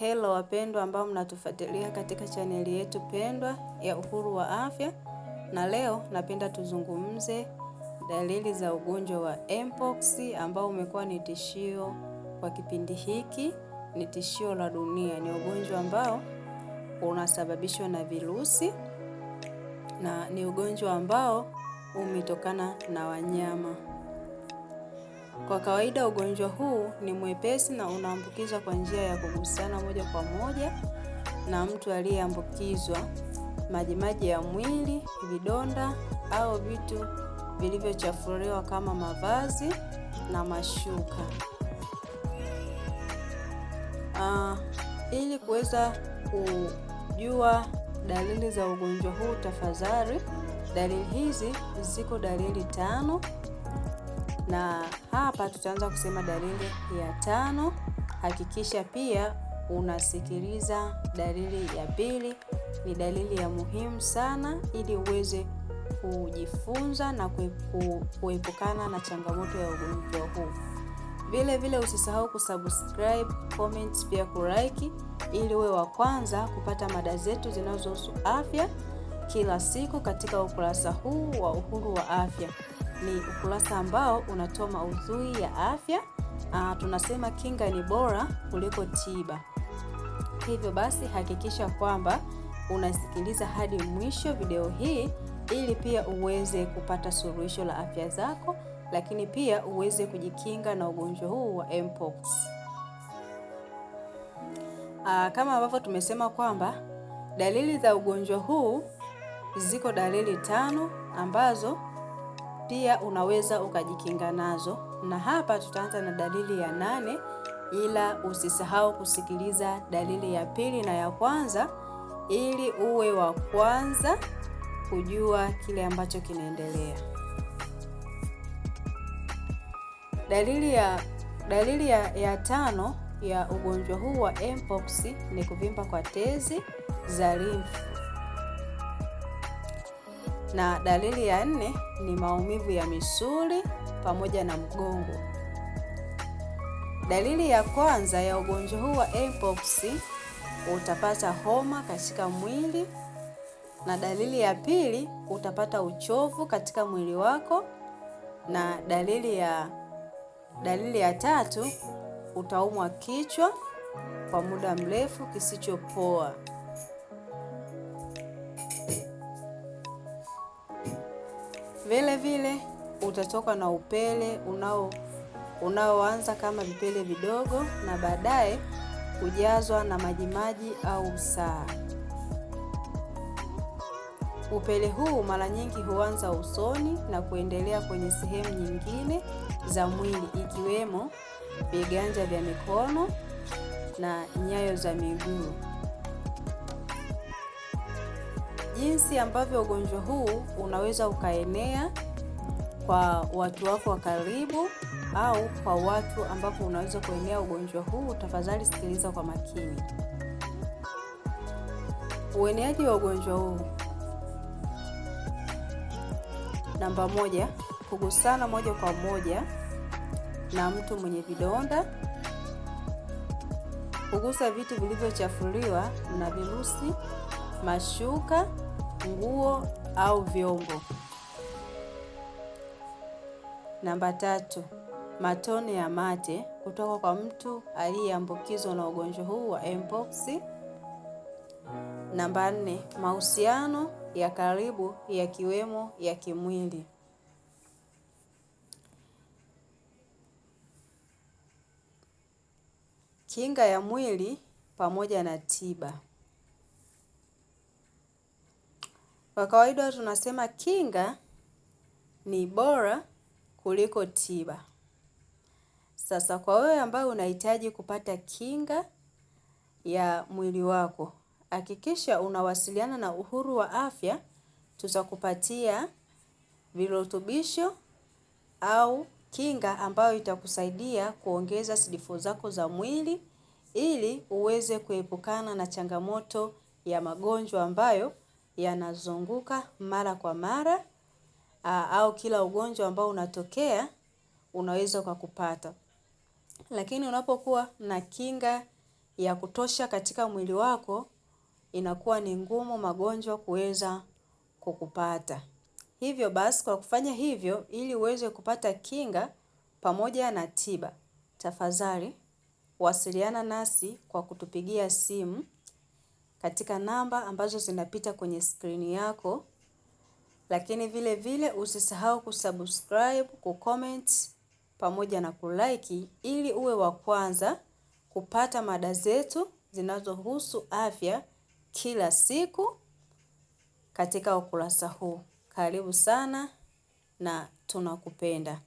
Hello wapendwa ambao mnatufuatilia katika chaneli yetu pendwa ya Uhuru wa Afya, na leo napenda tuzungumze dalili za ugonjwa wa mpox ambao umekuwa ni tishio kwa kipindi hiki, ni tishio la dunia. Ni ugonjwa ambao unasababishwa na virusi na ni ugonjwa ambao umetokana na wanyama. Kwa kawaida ugonjwa huu ni mwepesi na unaambukizwa kwa njia ya kugusana moja kwa moja na mtu aliyeambukizwa, majimaji ya mwili, vidonda au vitu vilivyochafuliwa kama mavazi na mashuka. Uh, ili kuweza kujua dalili za ugonjwa huu tafadhali, dalili hizi ziko dalili tano na hapa tutaanza kusema dalili ya tano. Hakikisha pia unasikiliza dalili ya pili, ni dalili ya muhimu sana ili uweze kujifunza na kuepukana na changamoto ya ugonjwa huu. Vile vile usisahau kusubscribe, comment pia kulike ili uwe wa kwanza kupata mada zetu zinazohusu afya kila siku katika ukurasa huu wa Uhuru wa Afya ni ukurasa ambao unatoa maudhui ya afya. Aa, ah, tunasema kinga ni bora kuliko tiba. Hivyo basi hakikisha kwamba unasikiliza hadi mwisho video hii ili pia uweze kupata suluhisho la afya zako, lakini pia uweze kujikinga na ugonjwa huu wa mpox. Aa, ah, kama ambavyo tumesema kwamba dalili za ugonjwa huu ziko dalili tano ambazo pia unaweza ukajikinga nazo, na hapa tutaanza na dalili ya nane, ila usisahau kusikiliza dalili ya pili na ya kwanza ili uwe wa kwanza kujua kile ambacho kinaendelea. Dalili ya, dalili ya, ya tano ya ugonjwa huu wa mpox ni kuvimba kwa tezi za limfu na dalili ya nne ni maumivu ya misuli pamoja na mgongo. Dalili ya kwanza ya ugonjwa huu wa mpox, utapata homa katika mwili, na dalili ya pili utapata uchovu katika mwili wako, na dalili ya dalili ya tatu utaumwa kichwa kwa muda mrefu kisichopoa. Vile vile utatoka na upele unao unaoanza kama vipele vidogo na baadaye kujazwa na majimaji au usaha. Upele huu mara nyingi huanza usoni na kuendelea kwenye sehemu nyingine za mwili ikiwemo viganja vya mikono na nyayo za miguu jinsi ambavyo ugonjwa huu unaweza ukaenea kwa watu wako wa karibu au kwa watu ambapo unaweza kuenea ugonjwa huu, tafadhali sikiliza kwa makini. Ueneaji wa ugonjwa huu, namba moja, kugusana moja kwa moja na mtu mwenye vidonda, kugusa vitu vilivyochafuliwa na virusi mashuka, nguo au vyombo. Namba tatu, matone ya mate kutoka kwa mtu aliyeambukizwa na ugonjwa huu wa mpox. Namba nne, mahusiano ya karibu yakiwemo ya kimwili. Kinga ya mwili pamoja na tiba. Kwa kawaida tunasema kinga ni bora kuliko tiba. Sasa kwa wewe ambaye unahitaji kupata kinga ya mwili wako, hakikisha unawasiliana na Uhuru wa Afya, tutakupatia virutubisho au kinga ambayo itakusaidia kuongeza CD4 zako za mwili ili uweze kuepukana na changamoto ya magonjwa ambayo yanazunguka mara kwa mara au kila ugonjwa ambao unatokea unaweza ukakupata. Lakini unapokuwa na kinga ya kutosha katika mwili wako inakuwa ni ngumu magonjwa kuweza kukupata. Hivyo basi kwa kufanya hivyo ili uweze kupata kinga pamoja na tiba. Tafadhali, wasiliana nasi kwa kutupigia simu katika namba ambazo zinapita kwenye skrini yako, lakini vile vile usisahau kusubscribe, kucomment pamoja na kulike ili uwe wa kwanza kupata mada zetu zinazohusu afya kila siku katika ukurasa huu. Karibu sana na tunakupenda.